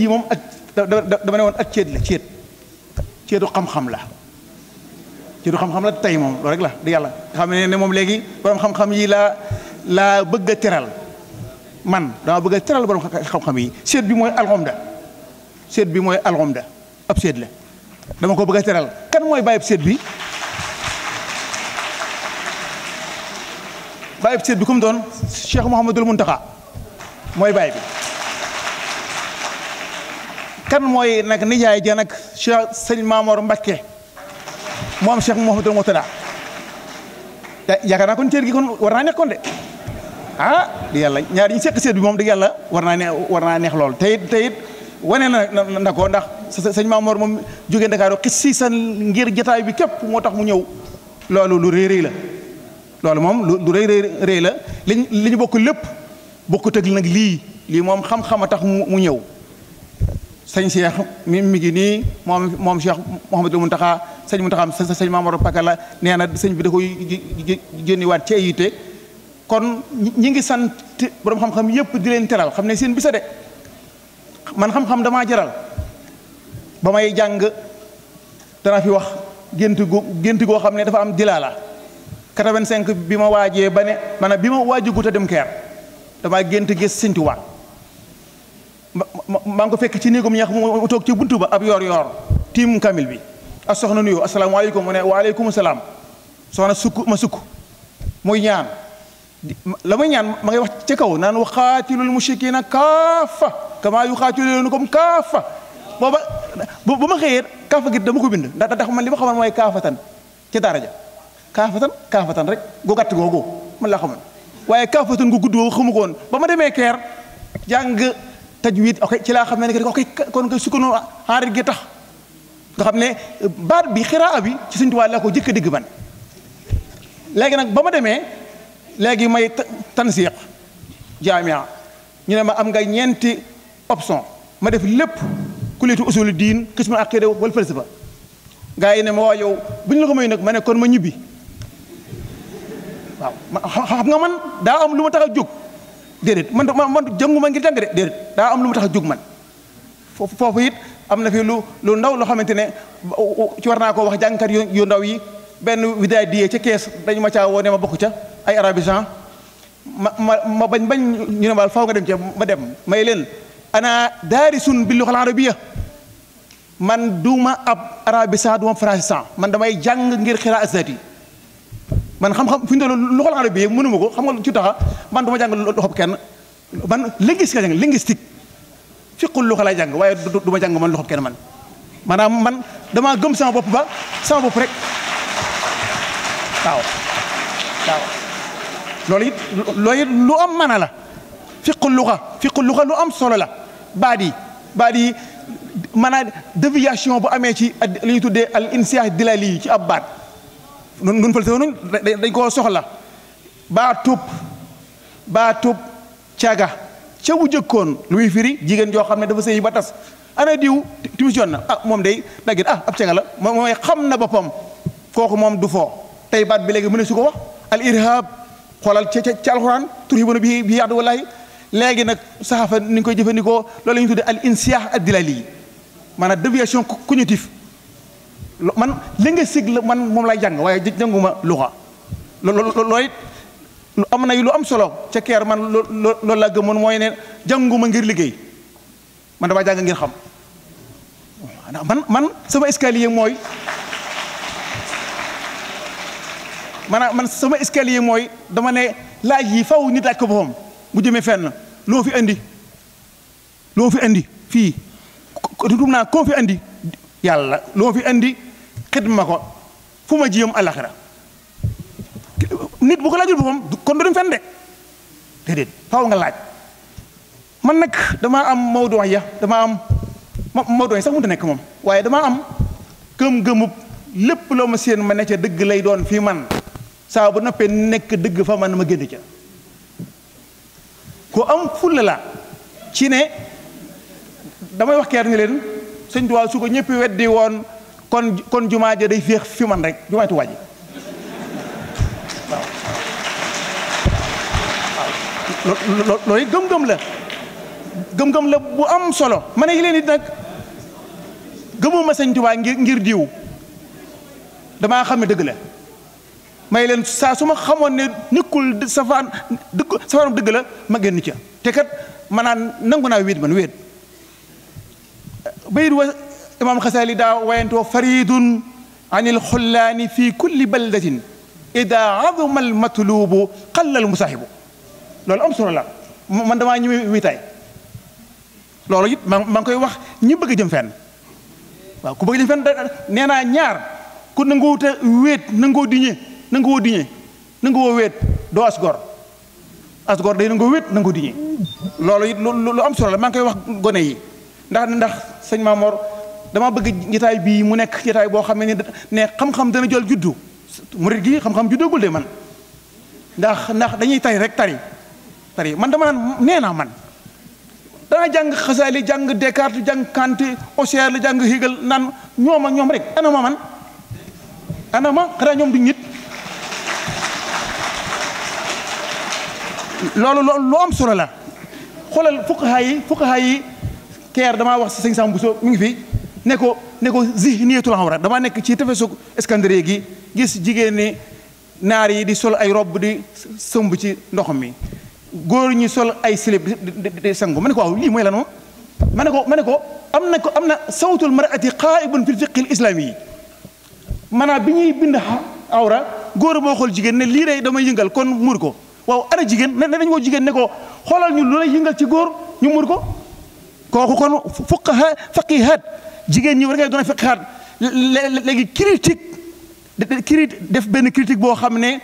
jii moom ak dama ne woon ak céet la céet céetu xam-xam la céetu xam-xam la tey moom loolu rek la di yàlla xam ne ne moom léegi borom xam-xam yi laa laa bëgg a teral man dama bëgg a teral borom xam-xam yi seet bi mooy alxomda seet bi mooy alxomda ab seet la dama ko bëgg teral kan mooy bàyyib seet bi bàyyib seet bi ku mu doon Cheikh Mouhamadul Muntaxa mooy bàyyi bi kan mooy nag nijaay ja nag sëñ Maamoor Mbakke moom Cheikh Mouhamadou Moutala yaakaar naa kon cër gi kon war naa nekk kon de ah di yàlla ñaari ñu seq seet bi moom di yàlla war naa ne war naa neex lool teyit teyit wane na na ko ndax sëñ Maamoor moom jóge Ndakaaru xis sa ngir jataay bi képp moo tax mu ñëw loolu lu rëy rëy la loolu moom lu rëy rëy la liñ li ñu bokk lépp bokkut ak nag lii lii moom xam-xam a tax mu ñëw sëñ Cheikh mi mi ngi nii moom moom Cheikh Mouhamadou Mountakha sëñ Mountakha sëñ Mamadou Pakala nee na sëñ bi da koy génniwaat ci ay yitte ñi ngi sant borom xam-xam yëpp di leen teral xam ne seen bisa de man xam damaa jaral ba may jàng dana fi wax gént gu gént goo xam ne dafa am dilaa la 85 bi ma waajee ba ne maanaam bi ma waajagut a dem keer damaa gént gis sëñ Tuubaa maa ngi ko fekk ci néegam ñax mu toog ci bunt ba ab yor-yor tiim kamil bi ak soxna nuyoo asalaamaaleykum mu ne waaleykum salaam soxna sukk ma sukk muy ñaan la muy ñaan ma ngay wax ca kaw naan wa xaatilul mushrikina kaafa kama yu xaatilunakum kaafa booba bu ma xëyee kaafa gi dama ko bind ndax tax man li ma xamoon mooy kaafatan ci daara rek gu gàtt googu man laa xamoon waaye kaafatan gu gudd woo xamu ma demee keer jàng tajwid ok ci laa xam ne ok kon kay sukkandu xaarit gi tax nga xam ne baat bi xiraa bi ci Sëñ Tuubaa laa ko jëkk dégg man léegi nag ba ma demee léegi may tansiq jaamia ñu ne ma am nga ñeenti option ma def lépp kullitu usulu diin qismu aqida wal falsafa gaa yi ne ma waa yow bu ñu la ko may nag ma ne kon ma ñibbi waaw xam nga man daa am lu ma tax a jóg déedéet man man man jànguma ngir jàng de déedéet daa am lu mu tax a jóg man foofu foofu it am na fi lu lu ndaw loo xamante ne ci war naa ko wax jàngkat yu yu ndaw yi benn widaay diyee ca kees dañu ma caa woo ne ma bokk ca ay arabisant ma ma ma bañ bañ ñu ne maal nga dem ca ma dem may leen ana daarisun bil luxal arabiya man duuma ab arabisant france français man damay jàng ngir xiraa asnat yi man xam-xam fi ñu toll loxol arab bi mënuma ko xam nga ci taxa man du ma jàng loxob kenn man linguistique la jàng linguistique fiqul loxo lay jàng waaye du ma jàng man loxob kenn man maanaam man damaa gëm sama bopp ba sama bopp rek waaw loolu it loolu lu am mana la fiqul luxa fiqul luxa lu am solo la baat yi mana yi maanaam bu amee ci li ñu tuddee al insiah dilali ci ab baat nun nun fëlté nuñ dañ koo soxla baa tub baa tub caga ca jëkkoon lu muy firi jigéen joo xam ne dafa sëy ba tas ana diw timis yoon na ah moom day daggit ah ab caga la mooy xam na boppam kooku moom du foo tey baat bi léegi mu ne su ko wax al irhab xoolal ca ca alxuraan turhibuna bi bi yaadu wallaahi léegi nag saxafa ni ñu koy jëfandikoo loolu la ñu tudde al insiyah ad dilali maanaam déviation cognitive man li nga la man moom lay jàng waaye jànguma luxa loolu it am na yu lu am solo ca keer man loolu laa gëmoon mooy ne jànguma ngir liggéey man damaa jàng ngir xam man man sama escalier mooy maanaam man sama escalier mooy dama ne laaj yi faw nit ak boppam bu jëmee fenn loo fi indi loo fi indi fii tutum naa koo fi indi yàlla loo fi indi ma ko fu ma jiyam alaxira nit bu ko laajul boppam kon du dem fenn de déedéet faaw nga laaj man nag damaa am Maodo wax ya damaa am Maodo wax sax mënut a nekk moom waaye damaa am gëm-gëmub lépp loo ma séen ma ne ca dëgg lay doon fii man saa bu noppee nekk dëgg fa man ma génn ca ko am fulla la ci ne damay wax ker ni leen sëñ Tuubaa su ko ñëpp weddi woon kon kon jumaa ja day féex fi man rek jumaay Tuubaa ji waaw loolu gëm-gëm la gëm-gëm la bu am solo ma ne leen it nag gëmuma ma Tuubaa ngir ngir diw damaa xam ne dëgg la may leen saa su ma xamoon ne nikkul safaan dëgg safaanam dëgg la ma génn ca te kat ma naan nangu naa wéet man wéet bayit wa imaam xasaali daa wayantoo faridun an ilxullaani fi kulli baldatin ida azuma almatlubu qalla almusaahibu loolu am solo la man damaa ñëw witaay loolu it ma maa koy wax ñi bëgg jëm fenn waaw ku bëgg nee naa ñaar ku nangoo wuta wéet nangoo diñe nangoo nangoo wéet doo asgor asgor day nangoo wéet nangoo loolu it lu am solo la maa ngi koy wax gone yi ndax ndax sëñ Mamor dama bëgg jotaay bii mu nekk jotaay boo xam ne ne xam-xam dana jël juddu murit gi xam-xam juddagul de man ndax ndax dañuy tari rek tari tari man dama naan nee naa man dana jàng xasaali jàng Descartes jàng Kant Husserl jàng Hegel naan ñoom ak ñoom rek anama man anama xanaa ñoom duñ nit loolu loolu lu am solo la xoolal fuqaha yi fuqaha keer damaa wax si sëñ Samb Bousso mi ngi fi ne ko ne ko zihniyatul awra damaa nekk ci tefesug Iskandariya gi gis jigéen naar yi di sol ay robb di sëmb ci ndox mi góor ñi sol ay silib di sangu ma ne ko waaw lii mooy lan moom ma ne ko ma ne ko am na ko am na sawtul mar'ati qaa'ibun fil fiqhil islaami yi maanaam bi ñuy bind awra góor moo xool jigéen ne lii day damay yëngal kon muur ko waaw ana jigéen ne dañ ko jigéen ne ko xoolal ñu lu lay yëngal ci góor ñu muur ko kooku kon fuqaha faqihaat jigéen ñi war ngay doon a fiqaat léegi critique critique def benn critique boo xam ne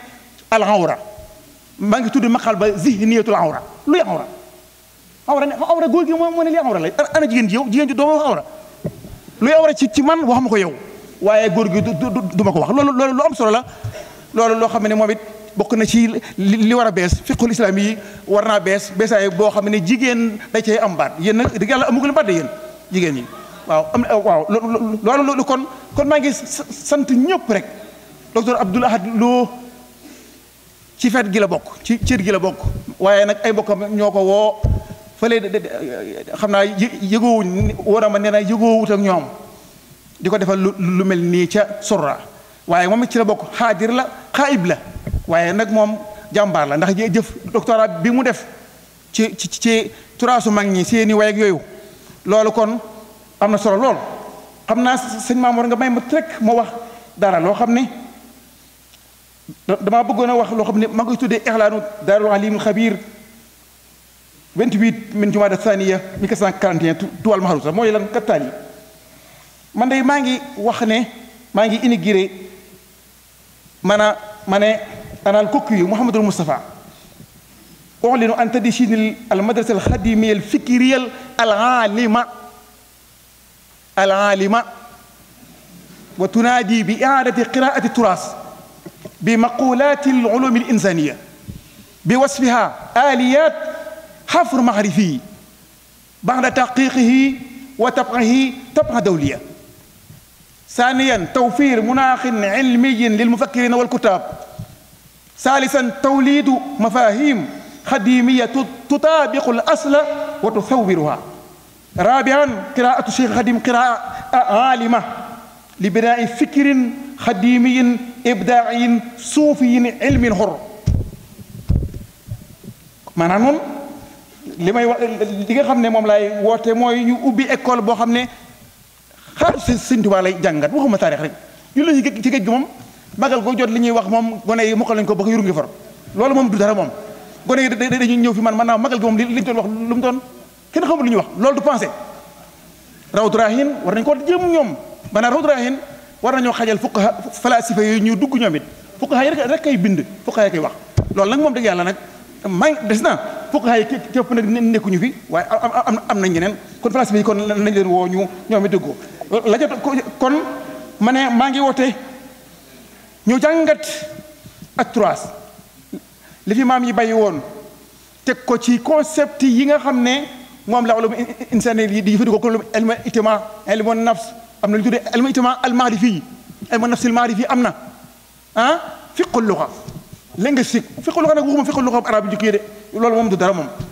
al awra maa ngi tudd maqal ba zihniyatul awra luy awra awra ne awra góor gi moo moo ne li awra la ana jigéen ji jigéen ji doo ma wax awra luy ci ci man wax ma ko yow waaye góor gi du ma ko wax loolu loolu lu am solo la loolu loo xam ne moom it bokk na ci li war a bees fiqul islam yi war naa bees beesaay boo xam ne jigéen da cay am baat yéen nag dëgg yàlla amugul baat de yéen jigéen ñi waaw am na waaw loolu loolu kon kon maa ngi sant ñëpp rek docteur Abdoul Ahad Lo ci fet gi la bokk ci cër gi la bokk waaye nag ay mbokkam ñoo ko woo fële euh, xam naa yëgoowuñ woo ma nee na yëgoowut ak ñoom di ko defal lu mel nii ca sorra waaye moom ci la bokk xaadir la xaayib la waaye nag moom jàmbaar la ndax jëf doctorat bi mu def ci ci ci turaasu mag ñi seeni way ak yooyu loolu kon am na solo lool xam naa sëñ Maam war nga may ma rek ma wax dara loo xam ne damaa bëggoon a wax loo xam ne maa ngi koy tuddee ixlaanu daarul alimul xabir 28 min jumaada thaniya 1441 tuwal maharusa mooy lan kattaan yi man de maa ngi wax ne maa ngi inauguré man a ma ne anaal kokk yu Mouhamadul Moustapha oxlinu an taddi sinil al madrasa al al alima alaalima wa tunaadi bi iaadati qiraati turaas bi maqulaati alulumi alinsaniya bi wasfiha aaliyaat xafru maxrifiyi baxda taxqiqihi wa tabxihi tabxa dawliya ثانيا توفير مناخ علمي للمفكرين والكتاب ثالثا توليد مفاهيم خديمية تطابق الأصل وتثورها a رابعا قراءة شيخ خديم قراءة عالمة لبناء فكر خديمي إبداعي صوفي علم حر maanaam moom li may wax li nga xam ne moom laay woote mooy ñu ubbi école boo xam ne xaar si Sëñ Tuubaa lay jàngat waxuma taarix rek ñu la ci ci géej gi moom magal goo wax moom gone yi mokkal lañ ko ba ko yur ngi far loolu moom du dara moom gone yi dañuy ñëw fi man maanaam magal gi moom li liñ doon wax lu mu doon kenn xamul lu ñuy wax loolu du pensé rawdu raahin war nañ ko jëm ñoom maanaam rawdu raahin war nañoo xajal fuqaha falaasifa yooyu ñu dugg ñoom it fuqaha yi rek kay bind fuqaha yi kay wax loolu nag moom dëgg yàlla nag maa ngi des na fuqaha yi képp nag nekkuñu fi waaye am am nañ ñeneen kon falaasifa yi kon nañ leen woo ñu ñoom it dëggoo la jot kon ma ne maa ngi woote ñu jàngat ak trois li fi maam yi bàyyi woon teg ko ci concept yi nga xam ne moom la ulum insaan yi di jëfandikoo ko elma itima elma nafs am na lu ñu tuddee elma itima al maarifi yi am na ah fiqul luxa léegi nga sikk fiqul luxa nag waxuma fiqul luxa arab yi jikko de loolu moom du dara moom